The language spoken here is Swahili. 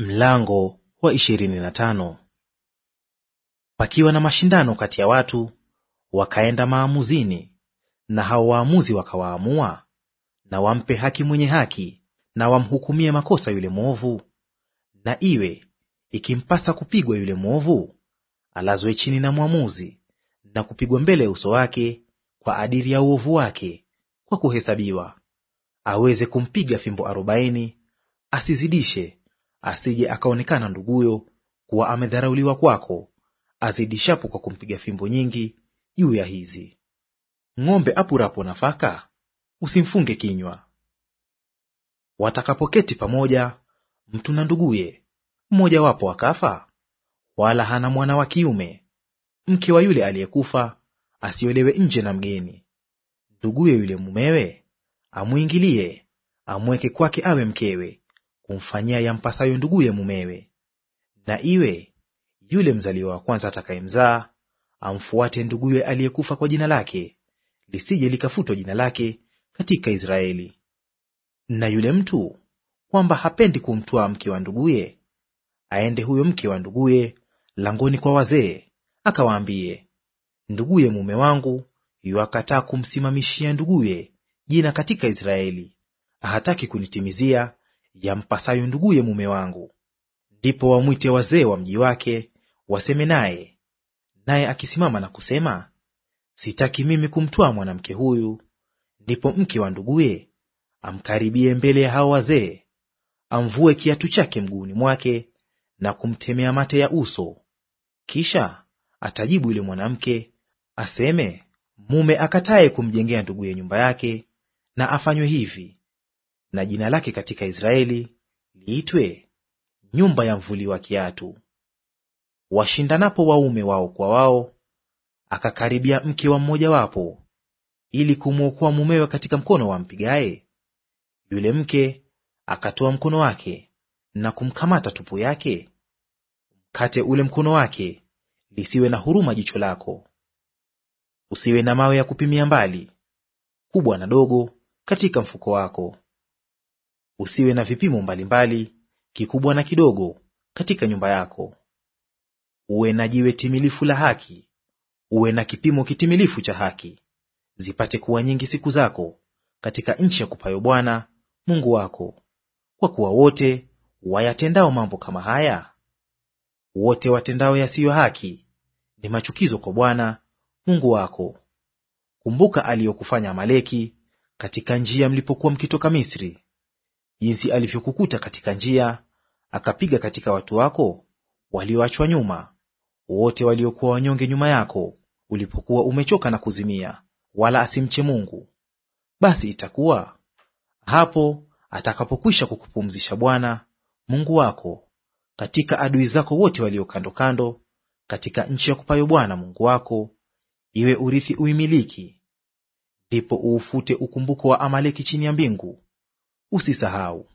Mlango wa ishirini na tano. Pakiwa na mashindano kati ya watu, wakaenda maamuzini, na hao waamuzi wakawaamua, na wampe haki mwenye haki, na wamhukumie makosa yule mwovu. Na iwe ikimpasa kupigwa yule mwovu, alazwe chini na mwamuzi, na kupigwa mbele ya uso wake kwa adili ya uovu wake, kwa kuhesabiwa; aweze kumpiga fimbo arobaini, asizidishe asije akaonekana nduguyo kuwa amedharauliwa kwako, azidishapo kwa kumpiga fimbo nyingi juu ya hizi. Ng'ombe apurapo nafaka usimfunge kinywa. Watakapoketi pamoja mtu na nduguye, mmoja wapo akafa, wala hana mwana wa kiume, mke wa yule aliyekufa asiolewe nje na mgeni. Nduguye yule mumewe amwingilie, amweke kwake awe mkewe, kumfanyia yampasayo nduguye mumewe. Na iwe yule mzaliwa wa kwanza atakayemzaa amfuate nduguye aliyekufa kwa jina lake, lisije likafutwa jina lake katika Israeli. Na yule mtu kwamba hapendi kumtwaa mke wa nduguye, aende huyo mke wa nduguye langoni kwa wazee, akawaambie, nduguye mume wangu yuakataa kumsimamishia nduguye jina katika Israeli, hataki kunitimizia yampasayo nduguye mume wangu. Ndipo wamwite wazee wa mji wake, waseme naye, naye akisimama na kusema, sitaki mimi kumtwaa mwanamke huyu, ndipo mke wa nduguye amkaribie mbele ya hao wazee, amvue kiatu chake mguuni mwake na kumtemea mate ya uso. Kisha atajibu yule mwanamke aseme, mume akataye kumjengea nduguye nyumba yake, na afanywe hivi na jina lake katika Israeli liitwe nyumba ya mvuli wa kiatu. Washindanapo waume wao kwa wao, akakaribia mke wa mmojawapo ili kumwokoa mumewe katika mkono wa mpigaye, yule mke akatoa mkono wake na kumkamata tupu yake, mkate ule mkono wake, lisiwe na huruma jicho lako. Usiwe na mawe ya kupimia mbali, kubwa na dogo, katika mfuko wako. Usiwe na vipimo mbalimbali, kikubwa na kidogo, katika nyumba yako. Uwe na jiwe timilifu la haki, uwe na kipimo kitimilifu cha haki, zipate kuwa nyingi siku zako katika nchi ya kupayo Bwana Mungu wako. Kwa kuwa wote wayatendao mambo kama haya, wote watendao yasiyo haki, ni machukizo kwa Bwana Mungu wako. Kumbuka aliyokufanya Amaleki katika njia mlipokuwa mkitoka Misri, jinsi alivyokukuta katika njia, akapiga katika watu wako walioachwa nyuma, wote waliokuwa wanyonge nyuma yako, ulipokuwa umechoka na kuzimia, wala asimche Mungu. Basi itakuwa hapo atakapokwisha kukupumzisha Bwana Mungu wako katika adui zako wote walio kando kando, katika nchi ya kupayo Bwana Mungu wako iwe urithi uimiliki, ndipo uufute ukumbuko wa Amaleki chini ya mbingu Usisahau